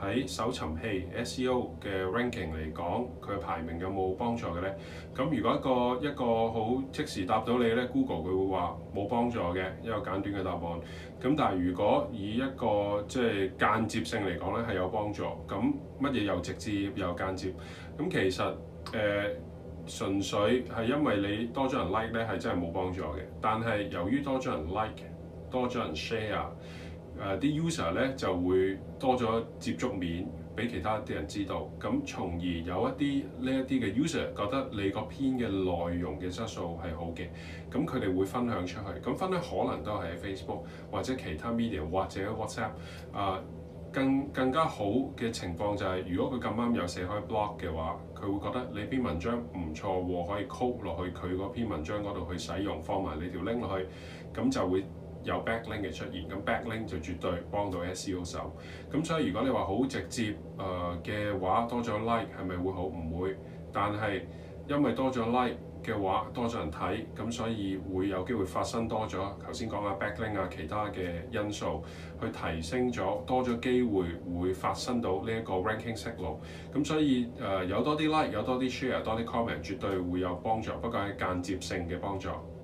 喺搜尋器 SEO 嘅 ranking 嚟講，佢嘅排名有冇幫助嘅咧？咁如果一個一個好即時答到你咧，Google 佢會話冇幫助嘅一個簡短嘅答案。咁但係如果以一個即係間接性嚟講咧，係有幫助。咁乜嘢又直接又間接？咁其實誒純粹係因為你多咗人 like 咧，係真係冇幫助嘅。但係由於多咗人 like，多咗人 share。誒啲、uh, user 咧就會多咗接觸面俾其他啲人知道，咁從而有一啲呢一啲嘅 user 覺得你個篇嘅內容嘅質素係好嘅，咁佢哋會分享出去，咁分享可能都係喺 Facebook 或者其他 media 或者 WhatsApp、啊。誒更更加好嘅情況就係、是，如果佢咁啱有寫開 blog 嘅話，佢會覺得你篇文章唔錯喎，可以 copy 落去佢嗰篇文章嗰度去使用，放埋你條 link 落去，咁就會，有 backlink 嘅出現，咁 backlink 就絕對幫到 SEO 手。咁所以如果你話好直接誒嘅話，多咗 like 係咪會好？唔會。但係因為多咗 like 嘅話，多咗人睇，咁所以會有機會發生多咗頭先講啊 backlink 啊其他嘅因素，去提升咗多咗機會會發生到呢一個 ranking signal。咁所以誒有多啲 like，有多啲 share，多啲 comment 絕對會有幫助，不過係間接性嘅幫助。